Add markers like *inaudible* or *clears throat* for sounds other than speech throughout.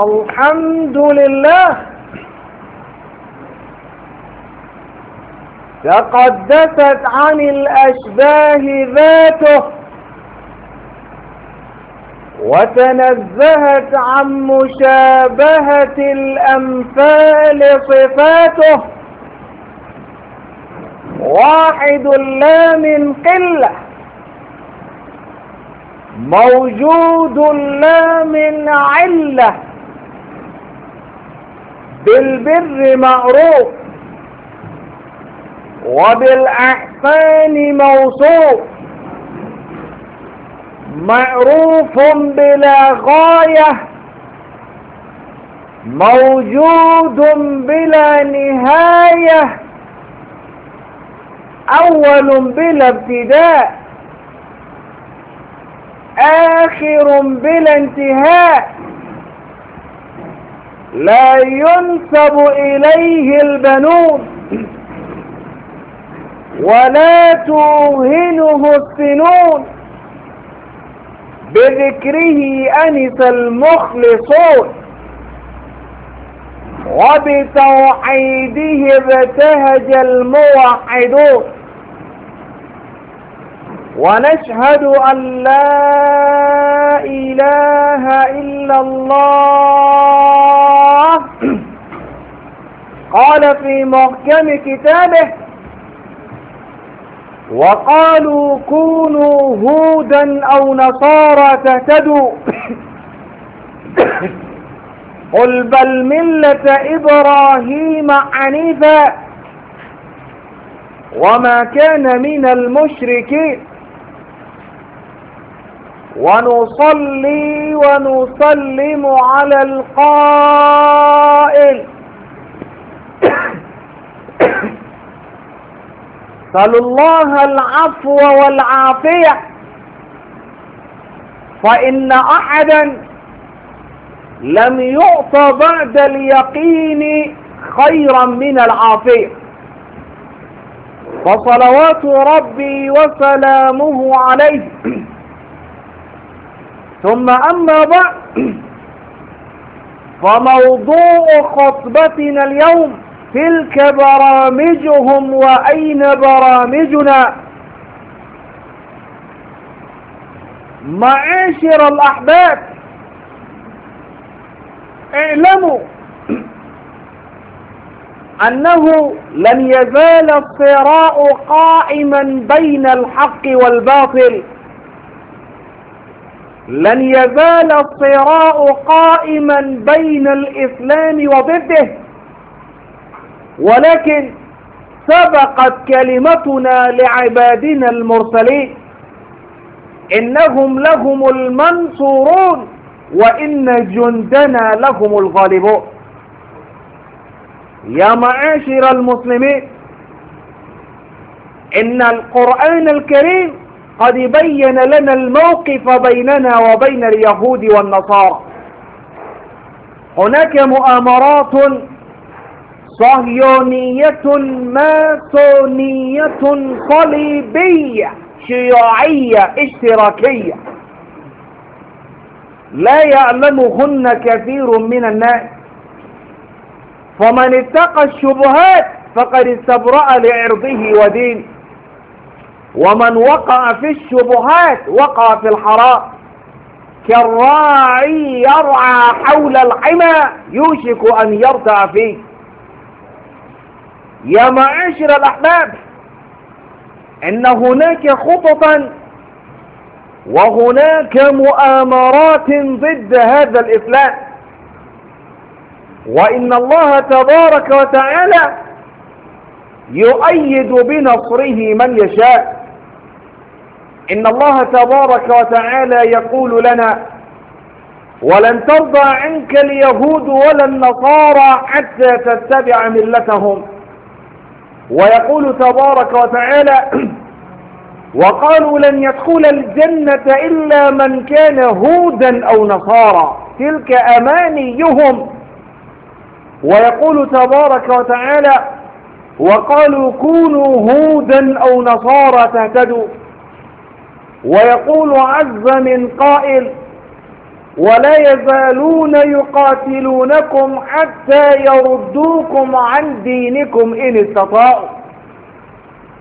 الحمد لله تقدست عن الأشباه ذاته وتنزهت عن مشابهة الأمثال صفاته واحد لا من قلة موجود لا من عله بالبر معروف وبالأحسان موصوف معروف بلا غاية موجود بلا نهاية أول بلا ابتداء آخر بلا انتهاء لا ينسب إليه البنون ولا توهنه السنون بذكره أنس المخلصون وبتوحيده ابتهج الموحدون ونشهد أن لا إله إلا الله قال في محكم كتابه وقالوا كونوا هودا أو نصارى تهتدوا قل بل ملة إبراهيم عنيفا وما كان من المشركين ونصلي ونسلم على القائل *coughs* صلوا الله العفو والعافية فإن أحدا لم يعط بعد اليقين خيرا من العافية فصلوات ربي وسلامه عليه *coughs* ثم أما بعد فموضوع خطبتنا اليوم تلك برامجهم وأين برامجنا معاشر الأحباب اعلموا أنه لن يزال الصراع قائما بين الحق والباطل لن يزال الصراع قائما بين الإسلام وضده ولكن سبقت كلمتنا لعبادنا المرسلين إنهم لهم المنصورون وإن جندنا لهم الغالبون يا معاشر المسلمين إن القرآن الكريم قد بين لنا الموقف بيننا وبين اليهود والنصارى هناك مؤامرات صهيونية ماسونية صليبية شيوعية اشتراكية لا يعلمهن كثير من الناس فمن اتقى الشبهات فقد استبرأ لعرضه ودينه ومن وقع في الشبهات وقع في الحرام كالراعي يرعى حول الحمى يوشك أن يرتع فيه يا معاشر الأحباب إن هناك خططا وهناك مؤامرات ضد هذا الإفلاس وإن الله تبارك وتعالى يؤيد بنصره من يشاء إن الله تبارك وتعالى يقول لنا ولن ترضى عنك اليهود ولا النصارى حتى تتبع ملتهم ويقول تبارك وتعالى *clears throat* وقالوا لن يدخل الجنة إلا من كان هودا أو نصارى تلك أمانيهم ويقول تبارك وتعالى وقالوا كونوا هودا أو نصارى تهتدوا ويقول عز من قائل ولا يزالون يقاتلونكم حتى يردوكم عن دينكم إن استطاعوا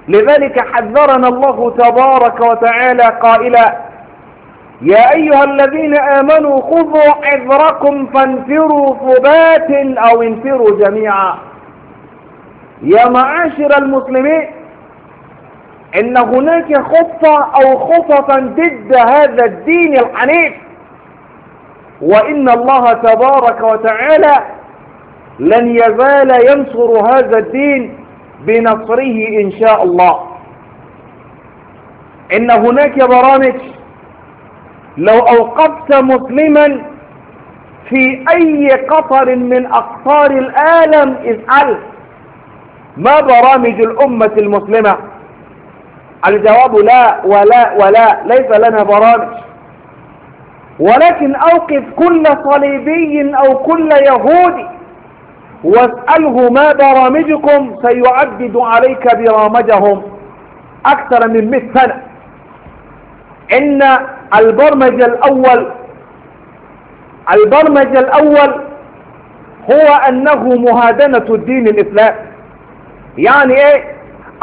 لذلك حذرنا الله تبارك وتعالى قائلا يا أيها الذين آمنوا خذوا حذركم فانفروا ثبات أو انفروا جميعا يا معاشر المسلمين ان هناك خطة او خططا ضد هذا الدين الحنيف وان الله تبارك وتعالى لن يزال ينصر هذا الدين بنصره ان شاء الله ان هناك برامج لو اوقفت مسلما في اي قطر من اقطار العالم اسأله ما برامج الامة المسلمة الجواب لا ولا ولا ليس لنا برامج ولكن أوقف كل صليبي أو كل يهودي واسأله ما برامجكم سيعدد عليك برامجهم أكثر من 100 سنة إن البرمج الأول البرمج الأول هو أنه مهادنة الدين الإسلام يعني إيه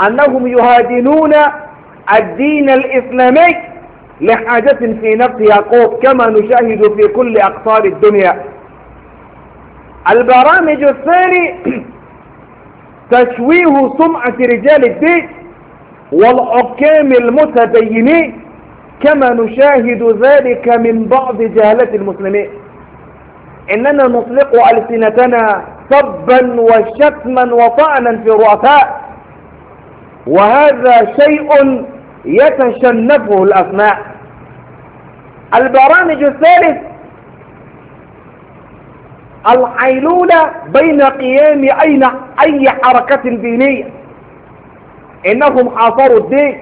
أنهم يهادنون الدين الإسلامي لحاجة في نفس يعقوب كما نشاهد في كل أقطار الدنيا البرامج الثاني *clears throat* تشويه سمعة رجال الدين والحكام المتدينين كما نشاهد ذلك من بعض جهلة المسلمين إننا نطلق ألسنتنا سبا وشتما وطعنا في الرؤساء وهذا شيء يتشنفه الأسماء البرامج الثالث الحيلولة بين قيام أين أي حركة دينية إنهم حاصروا الدين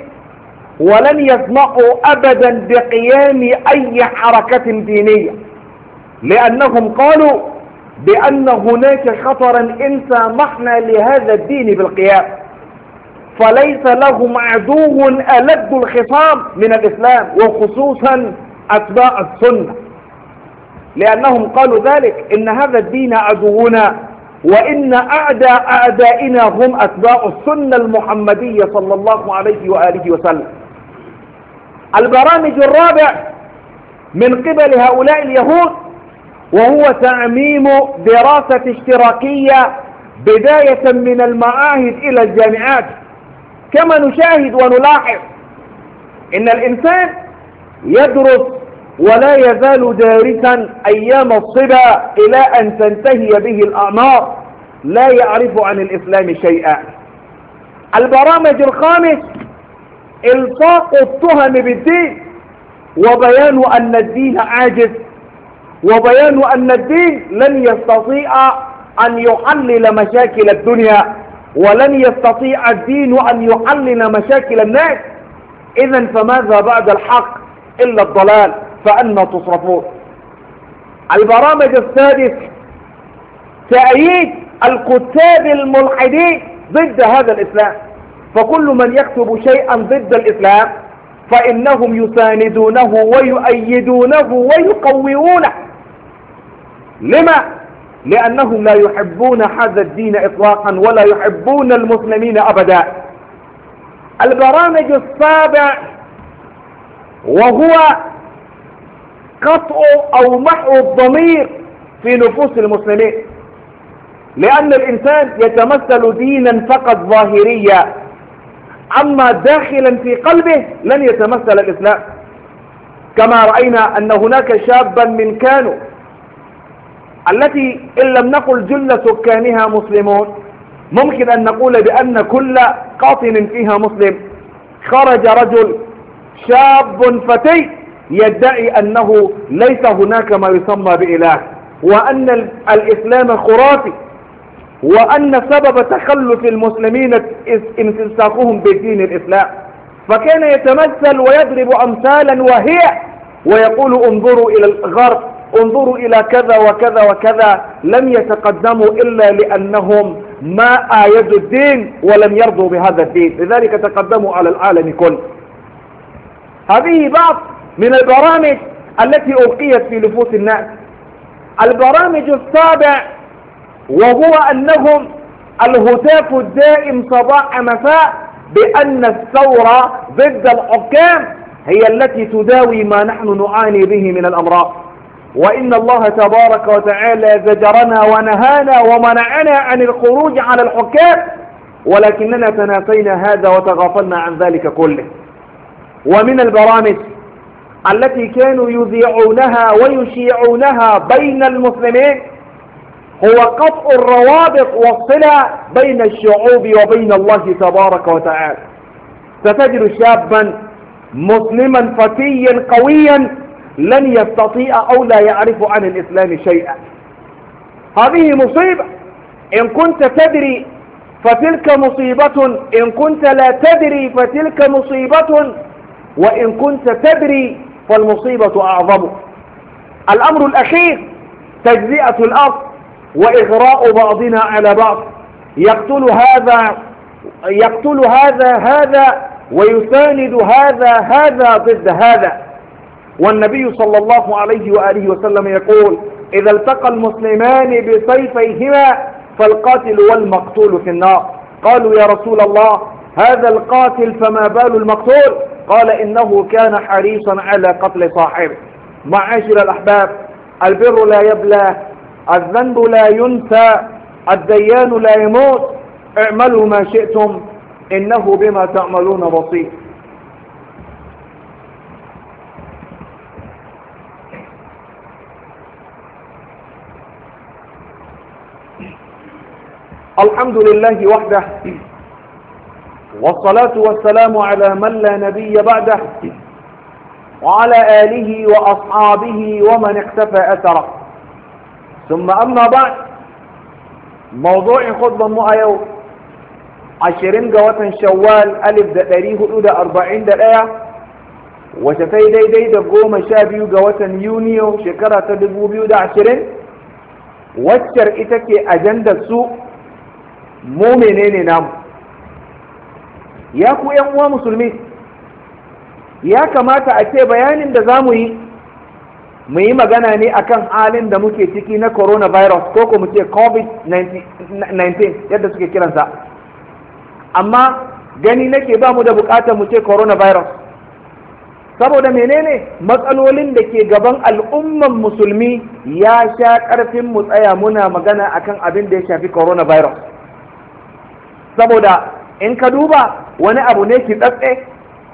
ولن يسمعوا أبدا بقيام أي حركة دينية لأنهم قالوا بأن هناك خطرا إن محنى لهذا الدين بالقيام فليس لهم عدو ألد الخصام من الإسلام وخصوصا أتباع السنة لأنهم قالوا ذلك إن هذا الدين عدونا وإن أعدى أعدائنا هم أتباع السنة المحمدية صلى الله عليه وآله وسلم البرامج الرابع من قبل هؤلاء اليهود وهو تعميم دراسة اشتراكية بداية من المعاهد إلى الجامعات كما نشاهد ونلاحظ إن الإنسان يدرس ولا يزال دارسا أيام الصبا إلى أن تنتهي به الأعمار لا يعرف عن الإسلام شيئا البرامج الخامس الصاق التهم بالدين وبيان أن الدين عاجز وبيان أن الدين لن يستطيع أن يحلل مشاكل الدنيا ولن يستطيع الدين أن يحلل مشاكل الناس إذا فماذا بعد الحق إلا الضلال فأنا تصرفون البرامج السادس تأييد الكتاب الملحدين ضد هذا الإسلام فكل من يكتب شيئا ضد الإسلام فإنهم يساندونه ويؤيدونه ويقوونه لما لأنهم لا يحبون هذا الدين إطلاقا ولا يحبون المسلمين أبدا البرامج السابع وهو قطع أو محو الضمير في نفوس المسلمين لأن الإنسان يتمثل دينا فقط ظاهريا أما داخلا في قلبه لن يتمثل الإسلام كما رأينا أن هناك شابا من كانوا التي إن لم نقل جل سكانها مسلمون ممكن أن نقول بأن كل قاطن فيها مسلم خرج رجل شاب فتي يدعي أنه ليس هناك ما يسمى بإله وأن الإسلام خرافي وأن سبب تخلف المسلمين انسلساقهم بالدين الإسلام فكان يتمثل ويضرب أمثالا وهي ويقول انظروا إلى الغرب انظروا إلى كذا وكذا وكذا لم يتقدموا إلا لأنهم ما آيدوا الدين ولم يرضوا بهذا الدين لذلك تقدموا على العالم كل هذه بعض من البرامج التي ألقيت في نفوس الناس البرامج السابع وهو أنهم الهتاف الدائم صباح مساء بأن الثورة ضد الحكام هي التي تداوي ما نحن نعاني به من الأمراض وإن الله تبارك وتعالى زجرنا ونهانا ومنعنا عن الخروج على الحكام ولكننا تناسينا هذا وتغافلنا عن ذلك كله ومن البرامج التي كانوا يذيعونها ويشيعونها بين المسلمين هو قطع الروابط والصلة بين الشعوب وبين الله تبارك وتعالى ستجد شابا مسلما فتيا قويا لن يستطيع أو لا يعرف عن الإسلام شيئا هذه مصيبة إن كنت تدري فتلك مصيبة إن كنت لا تدري فتلك مصيبة وإن كنت تدري فالمصيبة أعظم الأمر الأخير تجزئة الأرض وإغراء بعضنا على بعض يقتل هذا يقتل هذا هذا ويساند هذا هذا ضد هذا والنبي صلى الله عليه وآله وسلم يقول إذا التقى المسلمان بسيفيهما فالقاتل والمقتول في النار قالوا يا رسول الله هذا القاتل فما بال المقتول قال إنه كان حريصا على قتل صاحبه معاشر الأحباب البر لا يبلى الذنب لا ينسى الديان لا يموت اعملوا ما شئتم إنه بما تعملون بصير الحمد لله وحده والصلاة والسلام على من لا نبي بعده وعلى آله وأصحابه ومن اقتفى أثره ثم أما بعد موضوع خطبة مؤيو عشرين جوة شوال ألف دقريه الأولى أربعين دقايا وشفاي دي دي دقوم شابيو جوة يونيو شكرة تدبو بيو دا عشرين واتشر إتكي أجندة سوء mu menene namu ya ku yan uwa musulmi ya kamata a ce bayanin da za mu yi mu yi magana ne akan halin da muke ciki na coronavirus ko ko mu ce covid-19 yadda suke kiransa amma gani nake ba mu da bukatar mu ce coronavirus saboda menene matsalolin da ke gaban al'umman musulmi ya sha karfin mu tsaya muna magana akan abin da ya shafi coronavirus saboda in ka duba wani abu ne ki tsatse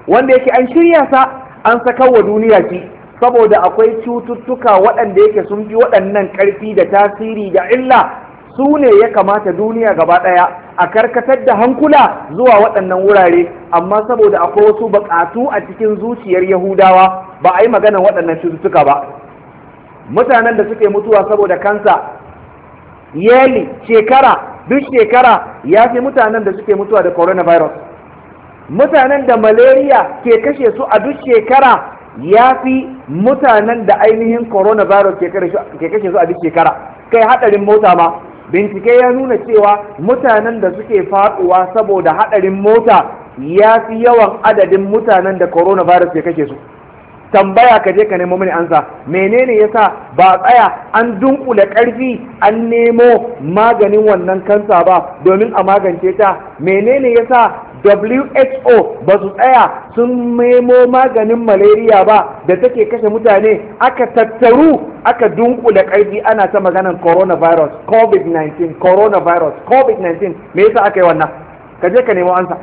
wanda yake an shirya sa an wa duniya ki saboda akwai cututtuka waɗanda yake sun bi waɗannan ƙarfi da tasiri da illa su ne ya kamata duniya gaba ɗaya a karkatar da hankula zuwa waɗannan wurare amma saboda akwai wasu buƙatu a cikin zuciyar yahudawa ba a yi magana waɗannan cututtuka ba mutanen da suke mutuwa saboda kansa yeli shekara duk shekara ya fi mutanen da suke mutuwa da coronavirus mutanen da malaria ke kashe su a duk shekara ya fi mutanen da ainihin coronavirus ke kashe su a duk shekara kai hadarin mota ma bincike ya nuna cewa mutanen da suke faɗuwa saboda hadarin mota ya fi yawan adadin mutanen da coronavirus ke kashe su tambaya ka je ka nemo mini ansa menene yasa ba tsaya an dunkule karfi an nemo maganin wannan kansa ba domin a magance ta menene yasa WHO ba su tsaya sun nemo maganin malaria ba da take kashe mutane aka tattaru aka dunkule karfi ana ta maganan coronavirus covid-19 coronavirus covid-19 me yasa aka yi wannan ka je ka nemo ansa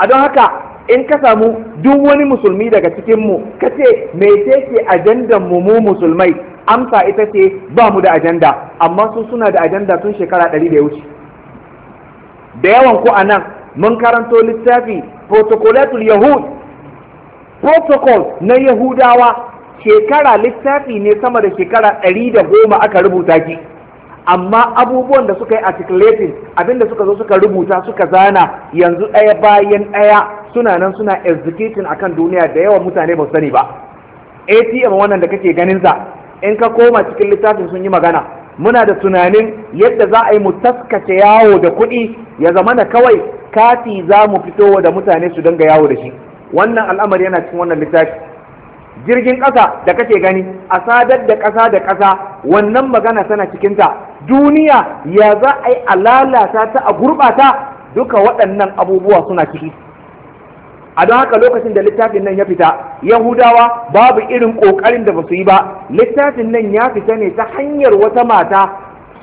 a don haka in ka samu duk wani musulmi daga cikinmu ka ce mece ke ajandan mu mu musulmai amsa ita ce ba mu da ajanda amma su suna da ajanda tun shekara ɗari da ya wuce da yawan ku a nan mun karanto littafi protocolatul yahud protocol na yahudawa shekara littafi ne sama da shekara ɗari da goma aka rubuta ki amma abubuwan da suka yi articulating abinda suka zo suka rubuta suka zana yanzu ɗaya bayan ɗaya suna nan suna executing akan duniya da yawan mutane ba sani ba atm wannan da kake ganin sa in ka koma cikin littafin sun yi magana muna da tunanin yadda za a yi mu taskace yawo da kuɗi ya zama na kawai kati za mu fito da mutane su danga yawo da shi wannan al'amari yana cikin wannan littafi jirgin ƙasa da kake gani a sadar da ƙasa da ƙasa wannan magana tana cikinta duniya ya za a yi a lalata ta a gurɓata duka waɗannan abubuwa suna ciki a don haka lokacin da littafin nan ya fita yahudawa babu irin ƙoƙarin da ba su yi ba littafin nan ya fita ne ta hanyar wata mata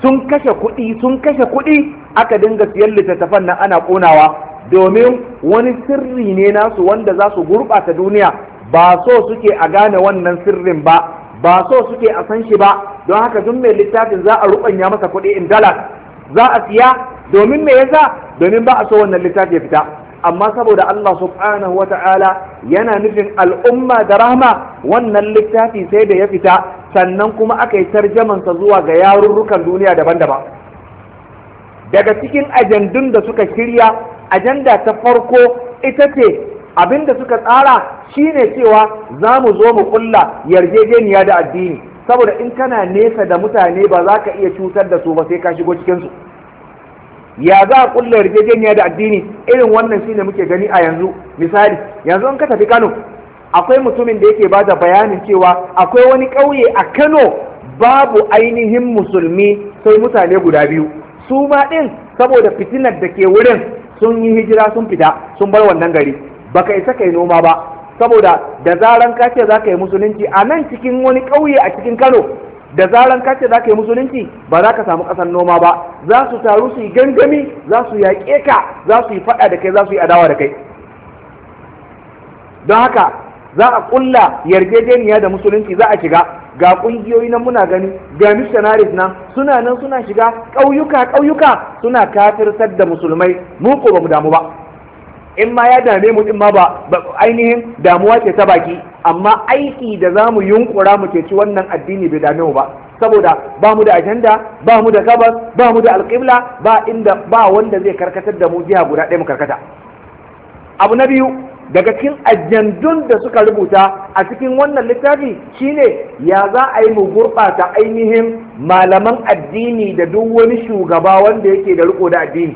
sun kashe kuɗi sun kashe kuɗi aka dinga siyan littattafan nan ana ƙonawa domin wani sirri ne nasu wanda za su gurɓata duniya ba so suke a gane wannan sirrin ba ba so suke a san shi ba don haka duk mai littafin za a ruɓanya masa kuɗi in dala za a siya domin me yasa domin ba a so wannan littafin ya fita amma saboda Allah subhanahu ta'ala yana nufin al'umma da rahma wannan littafi sai da ya fita sannan kuma aka yi tarjamansa zuwa ga yarurrukan duniya daban-daban daga cikin ajandun da suka shirya ajanda ta farko ita ce abin da suka tsara shine cewa za mu zo mu kulla yarjejeniya da addini saboda in kana nesa da mutane ba za ka iya cutar da su ba sai ka shigo cikinsu ya za a ƙulla yarjejeniya da addini irin wannan shi shine muke gani a yanzu misali yanzu in ka tafi Kano akwai mutumin da yake ba da bayanin cewa akwai wani ƙauye a Kano babu ainihin musulmi sai mutane guda biyu su ma ɗin saboda fitinar da ke wurin sun yi hijira sun fita sun bar wannan gari ba ka isa kai noma ba saboda da zaran ka ce za ka yi musulunci a nan cikin wani ƙauye a cikin Kano da zaran ka ce za ka yi musulunci ba za ka samu ƙasar noma ba za su taru su yi gangami za su yaƙe ka za su yi faɗa da kai za su yi adawa da kai don haka za a ƙulla yarjejeniya da musulunci za a shiga ga ƙungiyoyi nan muna gani ga missionaries nan suna nan suna shiga ƙauyuka ƙauyuka suna kafirtar da musulmai mu ko ba mu damu ba in ma ya dame mu in ma ba ainihin damuwa ce ta baki amma aiki da za mu yunkura mu ci wannan addini bai dame mu ba saboda ba mu da ajanda ba mu da gabas ba mu da alƙibla ba inda ba wanda zai karkatar da mu jiha guda ɗaya mu karkata abu na biyu daga cikin ajandun da suka rubuta a cikin wannan littafi shine ya za a yi mu gurɓata ainihin malaman addini da duk wani shugaba wanda yake da riko da addini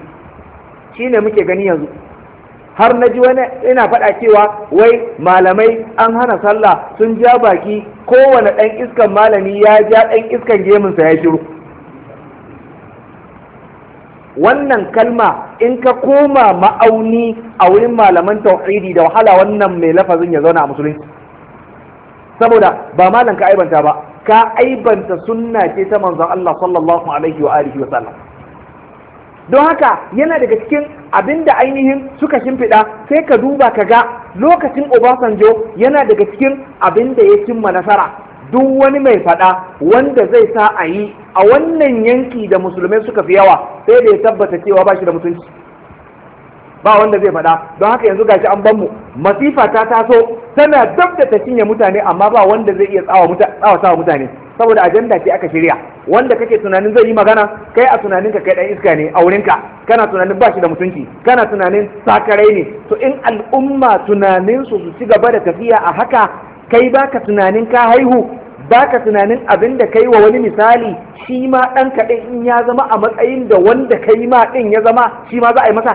shine muke gani yanzu har na ji wani ina faɗa cewa wai malamai an hana sallah sun ja baki kowane ɗan iskan malami ya ja ɗan iskan geminsa ya shiru wannan kalma in ka koma ma'auni a wurin malaman tauhidi da wahala wannan mai lafazin ya zauna a musulunci saboda ba malam ka aibanta ba ka aibanta sunna ce ta manzon Allah sallallahu alaihi wa alihi wa sallam don haka yana daga cikin abinda ainihin suka shimfiɗa sai ka duba ka ga lokacin obasanjo yana daga cikin abinda ya cimma nasara duk wani mai faɗa wanda zai sa a yi a wannan yanki da musulmai suka fi yawa sai da ya tabbata cewa ba shi da mutunci ba wanda zai faɗa don haka yanzu gashi an ban mu masifa ta taso tana dab ta cinye mutane amma ba wanda zai iya tsawa mutane saboda ajanda ce aka shirya wanda kake tunanin zai yi magana kai a tunaninka kai dan iska ne a wurinka kana tunanin ba shi da mutunci kana tunanin sakarai ne to in al'umma tunanin su su ci gaba da tafiya a haka kai baka tunanin ka haihu baka tunanin abin da kai wa wani misali shi ma ɗan kaɗai in ya zama a matsayin da wanda kai ma ɗin ya zama shi ma za a yi masa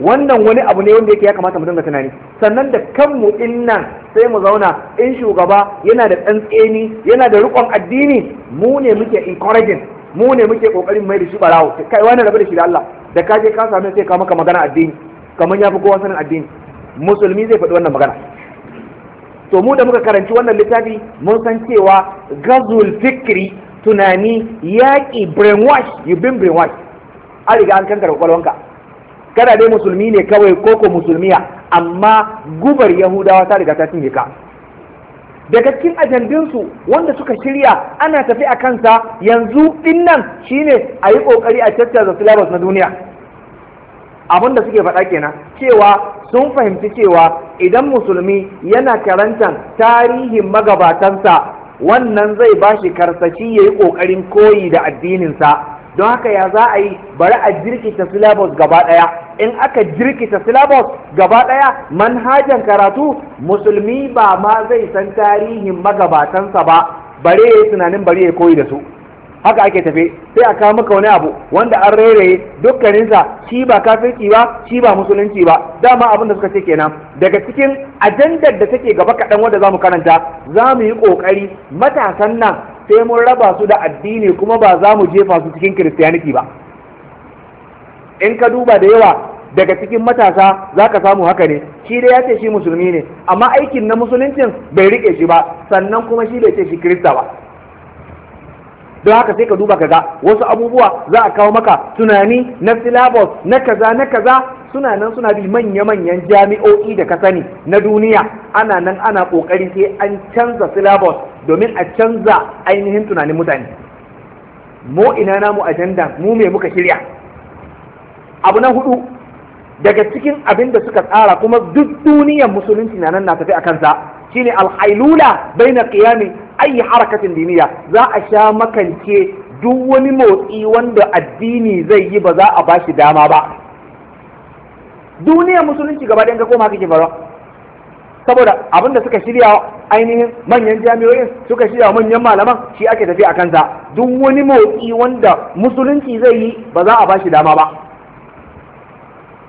wannan wani abu ne wanda yake ya kamata mu dinga tunani sannan da kanmu din nan sai mu zauna in shugaba yana da tsantseni yana da rikon addini mu ne muke encouraging mu ne muke kokarin mai da shi barawo kai wani rabu da shi da Allah da ka je ka same sai ka maka magana addini kamar ya fi kowa sanin addini musulmi zai faɗi wannan magana to mu da muka karanci wannan littafi mun san cewa gazul fikri tunani yaƙi brainwash you been brainwash an riga an kankara kwakwalwanka kana dai musulmi ne kawai koko musulmiya amma gubar yahudawa ta riga ta cinye ka daga cikin ajandinsu wanda suka shirya ana tafi a kansa yanzu din nan shine a yi kokari a da silabus na duniya abin da suke faɗa kenan cewa sun fahimci cewa idan musulmi yana karantar tarihin magabatansa wannan zai bashi karsashi ya yi ƙoƙarin koyi da addininsa don haka ya za a yi bari a jirkita syllabus gaba ɗaya in aka jirkita syllabus gaba ɗaya manhajan karatu musulmi ba ma zai san tarihin magabatansa ba bare ya yi tunanin bari ya koyi da su haka ake tafe sai a kawo maka wani abu wanda an rairaye dukkaninsa shi ba kafirci ba shi ba musulunci ba dama abin da suka ce kenan daga cikin ajandar da take gaba kaɗan wanda za mu karanta za mu yi ƙoƙari matasan nan sai mun raba su da addini kuma ba za mu jefa su cikin kiristiyaniki ba in ka duba da yawa daga cikin matasa za ka samu haka ne shi dai ya ce shi musulmi ne amma aikin na musuluncin bai rike shi ba sannan kuma shi bai ce shi kirista ba don haka sai ka duba kaga wasu abubuwa za a kawo maka tunani na syllabus na kaza na kaza suna nan suna bi manya-manyan jami'o'i da ka sani na duniya ana nan ana kokari sai an canza syllabus domin a canza ainihin tunanin mutane mu ina namu ajanda mu me muka shirya abu na hudu daga cikin abin da suka tsara kuma duk duniyar musulunci na nan na tafi a kansa shine alhailula baina qiyami ayi harakatin diniya za a sha makance duk wani motsi wanda addini zai yi ba za a bashi dama ba duniyar musulunci gaba ɗaya ga koma haka ke saboda abin da suka shirya ainihin manyan jami'o'in suka shirya manyan malaman shi ake tafi a kansa duk wani motsi wanda musulunci zai yi ba za a ba shi dama ba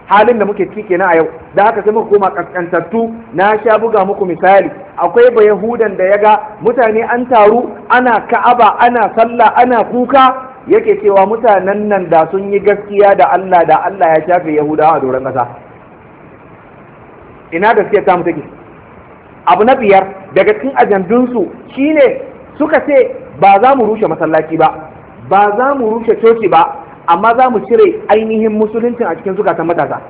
halin da muke ciki na a yau da haka sai muka koma kaskantattu na sha buga muku misali akwai ba yahudan da ya ga mutane an taru ana ka'aba ana sallah ana kuka yake cewa mutanen nan da sun yi gaskiya da Allah da Allah ya shafe Yahudawa a doron ƙasa ina gaskiyar tamu take abu na biyar daga cikin ajandunsu shine suka ce ba za mu rushe masallaci ba ba za mu rushe coci ba amma za mu cire ainihin musuluncin a cikin zukatan matasa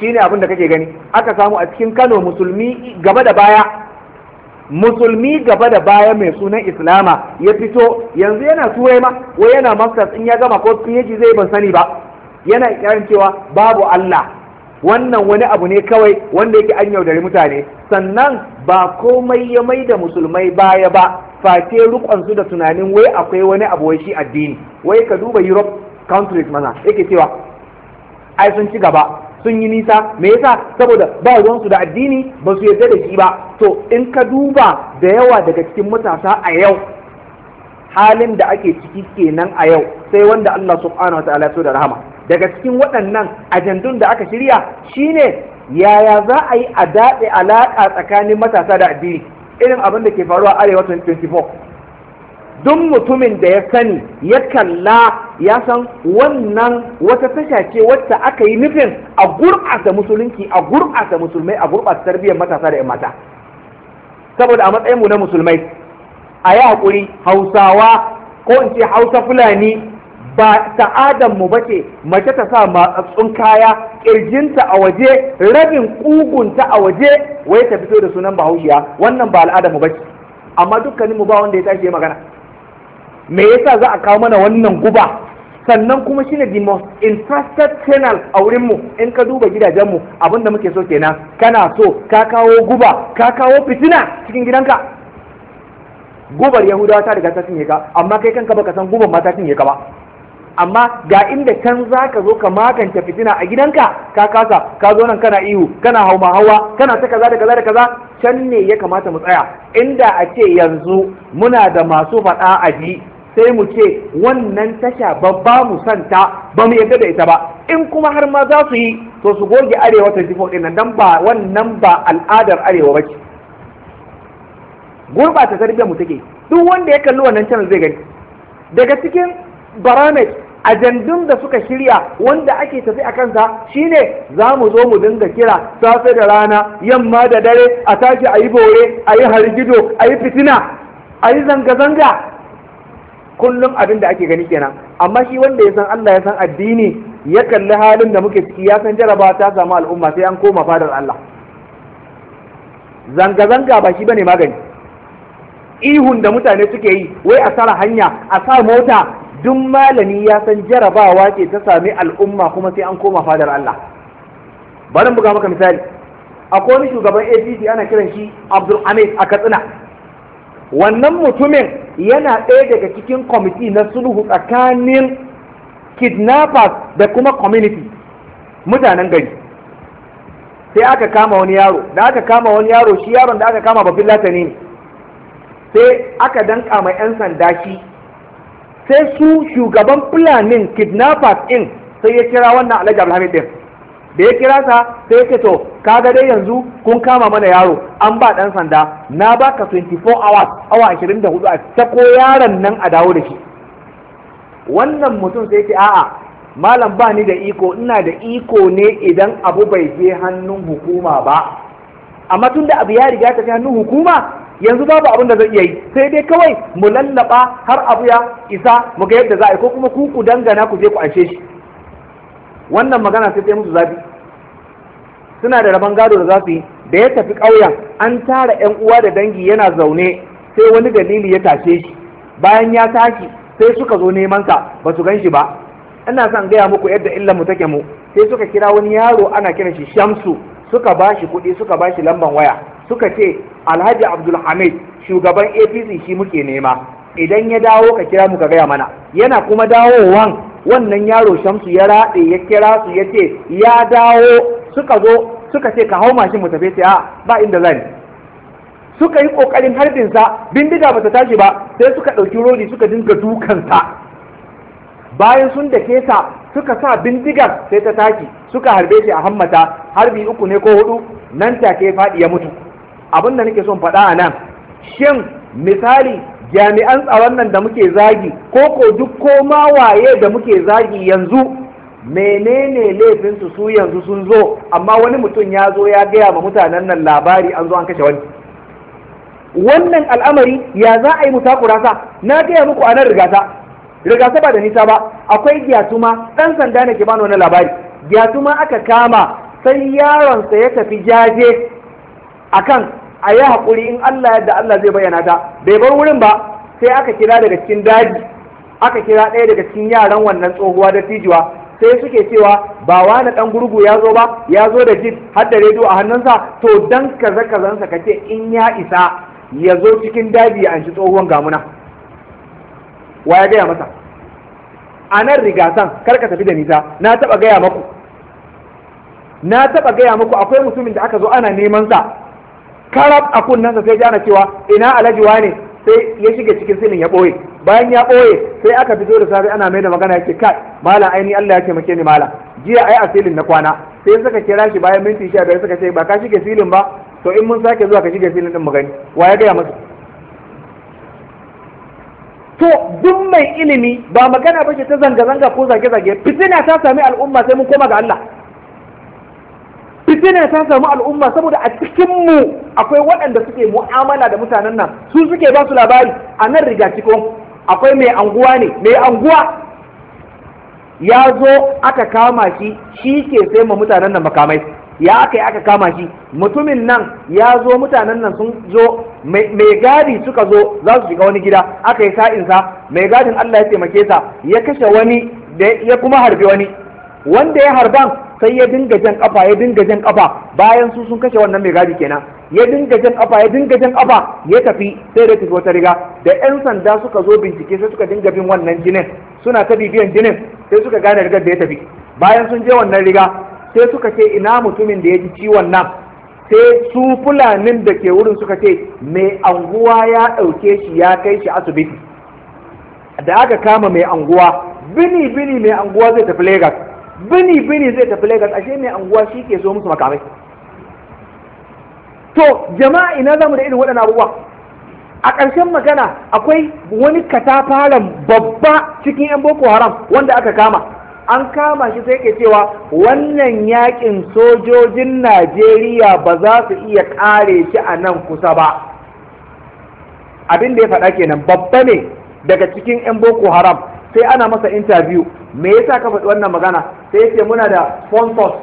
shine abin da kake gani aka samu a cikin Kano musulmi gaba da baya musulmi gaba da baya mai sunan islama ya fito yanzu yana turai ma wai yana masters in ya gama ko PhD zai ban sani ba yana kiran cewa babu Allah wannan wani abu ne kawai wanda yake an yaudari mutane sannan ba komai ya mai da musulmai baya ba face rukonsu da tunanin wai akwai wani abu wai shi addini wai ka duba Europe countries mana yake cewa ai sun ci gaba sun yi nisa me yasa saboda ba ruwan su da addini ba su yarda da shi ba to in ka duba da yawa daga cikin matasa a yau halin da ake ciki kenan a yau sai wanda Allah subhanahu wataala so da rahama daga cikin waɗannan ajandun da aka shirya shine yaya za a yi a daɗe alaƙa tsakanin matasa da addini irin abin da ke faruwa arewa 24 duk mutumin da ya sani ya kalla ya san wannan wata tasha ce wacce aka yi nufin a gurɓata musulunci a gurɓata musulmai a gurɓata tarbiyyar matasa da 'yan mata saboda a matsayin mu na musulmai a yi haƙuri hausawa ko in ce hausa fulani ba ta'adan mu ba ce, mace ta sa matsatsun kaya ƙirjinta a waje rabin ƙugunta a waje wai ta fito da sunan bahaushiya wannan ba al'adar mu ce. amma dukkanin ba wanda ya tashi magana me yasa za a kawo mana wannan guba sannan kuma shi ne the most interested channel a wurinmu in ka duba gidajenmu abinda muke so kenan kana so ka kawo guba ka kawo fitina cikin gidanka gubar yahudawa ta riga ta cinye ka amma kai kanka baka san guban ma ta cinye ka ba amma ga inda can za ka zo ka magance fitina a gidanka ka kasa ka zo nan kana ihu kana hauma hawa kana ta kaza da kaza da kaza can ne ya kamata mu tsaya inda a ce yanzu muna da masu faɗa a ji sai mu ce wannan tasha babba mu santa ba mu yadda da ita ba in kuma har ma za su yi to su goge arewa jifo ɗin nan ba wannan ba al'adar arewa ba ce gurɓata tarbiyyar mu take duk wanda ya kalli wannan channel zai gani daga cikin a ajandun da suka shirya wanda ake tafi a kansa shine za mu zo mu dinga kira safe da rana yamma da dare a tashi a yi bore a yi hargido a yi fitina a yi zanga-zanga kullum abin da ake gani kenan amma shi wanda ya san Allah ya san addini ya kalli halin da muke ciki ya san jaraba ta samu al'umma sai an koma fadar Allah zanga-zanga ba shi bane magani ihun da mutane suke yi wai a tsara hanya a sa mota duk malami ya san jarabawa ke ta sami al'umma kuma sai an koma fadar Allah bari buga maka misali akwai wani shugaban APC ana kiran shi Abdul Hamid a Katsina wannan mutumin yana ɗaya daga cikin kwamiti na sulhu tsakanin kidnappers da kuma community mutanen gari sai aka kama wani yaro da aka kama wani yaro shi yaron da aka kama babin latani ne sai aka danka mai 'yan sanda shi sai su shugaban fulanin kidnappers in sai ya kira wannan alhaji alhamid da ya kira sa sai yake to kaga dai yanzu kun kama mana yaro an ba dan sanda na baka 24 hours awa 24 a sako yaron nan a dawo da shi wannan mutum sai yake a'a malam ba ni da iko ina da iko ne idan abu bai je hannun hukuma ba amma tunda abu ya riga ta hannun hukuma yanzu babu abin da zai iya yi sai dai kawai mu lallaba har abu ya isa mu ga yadda za a yi ko kuma ku ku dangana ku je ku anshe shi wannan magana sai ta musu zafi suna da rabon gado da za su yi da ya tafi ƙauyen an tara 'yan uwa da dangi yana zaune sai wani dalili ya tashe shi bayan ya tashi sai suka zo neman sa ba su gan shi ba ina son gaya muku yadda illan mu take mu sai suka kira wani yaro ana kiran shi Shamsu suka ba shi kuɗi suka ba shi lamban waya suka ce Alhaji Abdulhamid shugaban APC shi muke nema idan ya dawo ka kira mu ka gaya mana yana kuma dawowan wannan yaro Shamsu ya raɗe ya kira su ya ce ya dawo suka zo suka ce ka hau mashin mu tafi a ah, ba inda zani suka yi kokarin harbin sa bindiga bata tashi ba sai suka ɗauki rodi suka dinga dukansa bayan sun da sa suka sa bindigar sai ta tashi suka harbe shi a hammata harbi uku ne ko hudu nan take faɗi ya mutu abin da nake son faɗa anan. nan shin misali jami'an tsaron nan da muke zagi ko ko duk koma waye da muke zagi yanzu menene laifinsu su yanzu sun zo amma wani mutum ya zo ya gaya ma mutanen nan labari an zo an kashe wani wannan al'amari ya za a yi mu takurasa na gaya muku a nan rigasa rigasa ba da nisa ba akwai gyatuma ɗan sanda ne ke bani wani labari gyatuma aka kama sai yaron sa ya tafi jaje akan a yi haƙuri in Allah yadda Allah zai bayyana ta bai bar wurin ba sai aka kira daga cikin daji aka kira ɗaya daga cikin yaran wannan tsohuwa da tijuwa sai suke cewa ba wani ɗan gurgu ya zo ba ya zo da jin har da rediyo a hannunsa to dan kaza kazansa kace in ya isa ya zo cikin daji an anci tsohuwan gamuna wa ya gaya masa a nan rigasan kar ka tafi da nisa na taba gaya maku na taba gaya maku akwai mutumin da aka zo ana neman sa karab a kunnansa sai jana cewa ina alaji wane sai ya shiga cikin silin ya ɓoye bayan ya ɓoye sai aka fito da safe ana mai da magana ke kai malam aini Allah ya taimake ni malam jiya ai asilin na kwana sai suka kira shi bayan minti sha biyar suka ce ba ka shiga silin ba to in mun sake zuwa ka shiga silin din mu gani wa ya gaya masa? to duk mai ilimi ba magana ba ce ta zanga-zanga ko zage-zage fitina ta sami al'umma sai mun koma ga Allah fitina ta samu al'umma saboda a cikin mu akwai waɗanda suke mu'amala da mutanen nan su suke ba su labari a nan riga ciko akwai mai anguwa ne mai anguwa ya zo aka kama shi shi ke sai ma mutanen nan makamai ya aka yi aka kama shi mutumin nan ya zo mutanen nan sun zo mai gadi suka zo za su shiga wani gida aka yi sa'insa mai gadin Allah ya taimake sa ya kashe wani ya kuma harbi wani wanda ya harban sai ya dinga jan kafa ya dinga jan kafa bayan su sun kashe wannan mai gadi kenan ya dinga jan kafa ya dinga jan kafa ya tafi sai da tafi wata riga da yan sanda suka zo bincike sai suka dinga bin wannan jinin suna ta bibiyan jinin sai suka gane rigar da ya tafi bayan sun je wannan riga sai suka ce ina mutumin da ya ji ciwon nan sai su fulanin da ke wurin suka ce mai anguwa ya ɗauke shi ya kai shi asibiti da aka kama mai anguwa bini bini mai anguwa zai tafi Legas. bini bini zai tafi Lagos ashe mai anguwa shi ke so musu makamai to jama'a ina zamu da irin waɗannan abubuwa a ƙarshen magana akwai wani katafaren babba cikin 'yan boko haram wanda aka kama an kama shi sai ke cewa wannan yaƙin sojojin najeriya ba za su iya ƙare shi a nan kusa ba abin da ya faɗa kenan babba ne daga cikin 'yan boko haram sai ana masa intabiyu me yasa ka faɗi wannan magana sai yace muna da sponsors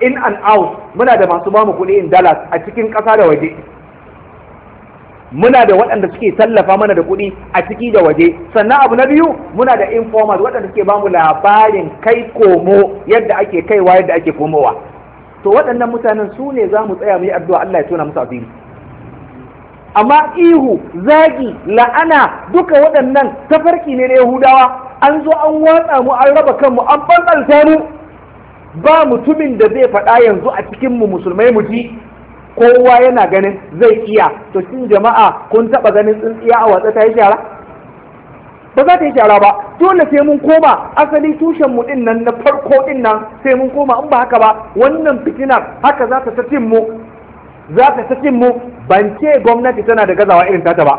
in and out muna da masu bamu kuɗi in dollars a cikin ƙasa da waje muna da waɗanda suke tallafa mana da kuɗi a ciki da waje sannan abu na biyu muna da informers waɗanda suke bamu labarin kai komo yadda ake kaiwa yadda ake komowa to waɗannan mutanen su ne za mu tsaya mu yi addu'a Allah ya tona musu asiri amma ihu zagi la'ana duka waɗannan tafarki ne na yahudawa an zo an watsa mu an raba kanmu an bantsanta mu ba mutumin da zai faɗa yanzu a cikin mu musulmai mu ji kowa yana ganin zai iya to cikin jama'a kun taɓa ganin tsintsiya a watsa ta yi shara ba za ta yi shara ba dole sai mun koma asali tushen mu din nan na farko din nan sai mun koma in ba haka ba wannan fitinar haka za ta ta mu za ta ta mu ban ce gwamnati tana da gazawa irin tata ba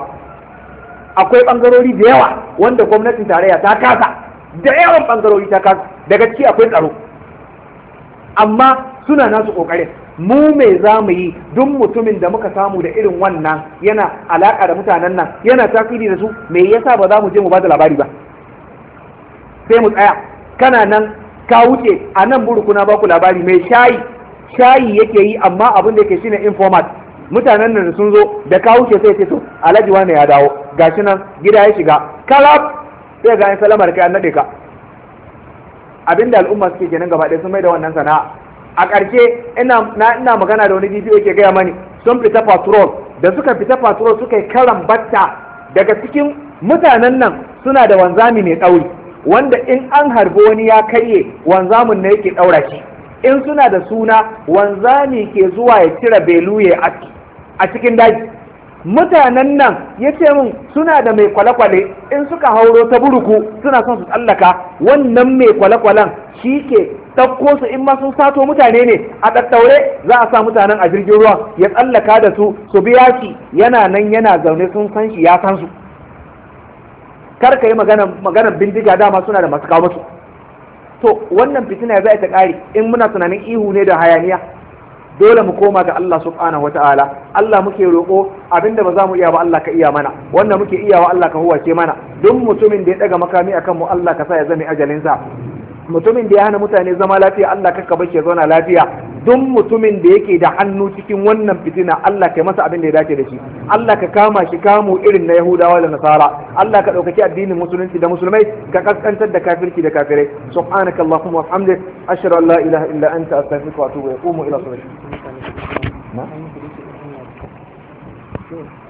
akwai bangarori da yawa wanda gwamnatin tarayya ta kasa da yawan bangarori ta kasa daga ciki akwai tsaro amma suna nasu kokarin mu me za mu yi duk mutumin da muka samu da irin wannan yana alaka da mutanen nan yana tasiri da su me yasa ba za mu je mu ba da labari ba sai mu tsaya kana nan ka wuce a nan burkuna ba ku labari mai shayi shayi yake yi amma abin da yake shine informat mutanen nan sun zo da ka wuce sai ce to alhaji wani ya dawo gashi nan gida ya shiga kalab sai ga salamar kai an nade ka abinda al'umma suke kenan gaba ɗaya sun mai da wannan sana'a a ƙarshe ina ina magana da wani bidiyo yake gaya mani sun fita patrol da suka fita patrol suka yi karan batta daga cikin mutanen nan suna da wanzami mai ɗauri wanda in an harbi wani ya karye wanzamin na yake ɗaura shi in suna da suna wanzami ke zuwa ya cire belu ya aski a cikin daji mutanen nan ya ce min suna da mai kwale-kwale in suka hauro ta buruku suna son su tsallaka wannan mai kwale-kwalen shi ke ɗauko su in ma sun sato mutane ne a ɗattaure za a sa mutanen a jirgin ruwa ya tsallaka da su su biya shi yana nan yana zaune sun san shi ya san su kar ka yi maganar bindiga dama suna da masu kawo musu to wannan fitina ya za ta ƙari in muna tunanin ihu ne da hayaniya dole mu koma ga Allah subhanahu wataala Allah muke roƙo abinda ba za mu iya ba Allah ka iya mana wanda muke iya wa Allah ka huwace mana duk mutumin da ya daga makami akan mu Allah ka sa ya zame ajalinsa mutumin da ya hana mutane zama lafiya Allah ka ka ya zauna lafiya duk mutumin da yake da hannu cikin wannan fitina Allah ka masa abin da ya dace da shi Allah ka kama shi kamo irin na Yahudawa da Nasara Allah ka ɗaukaki addinin musulunci da musulmai ka kaskantar da kafirci da kafirai subhanaka allahumma wa hamdik ashhadu an la ilaha illa anta astaghfiruka wa atubu ilayk qumu ila salati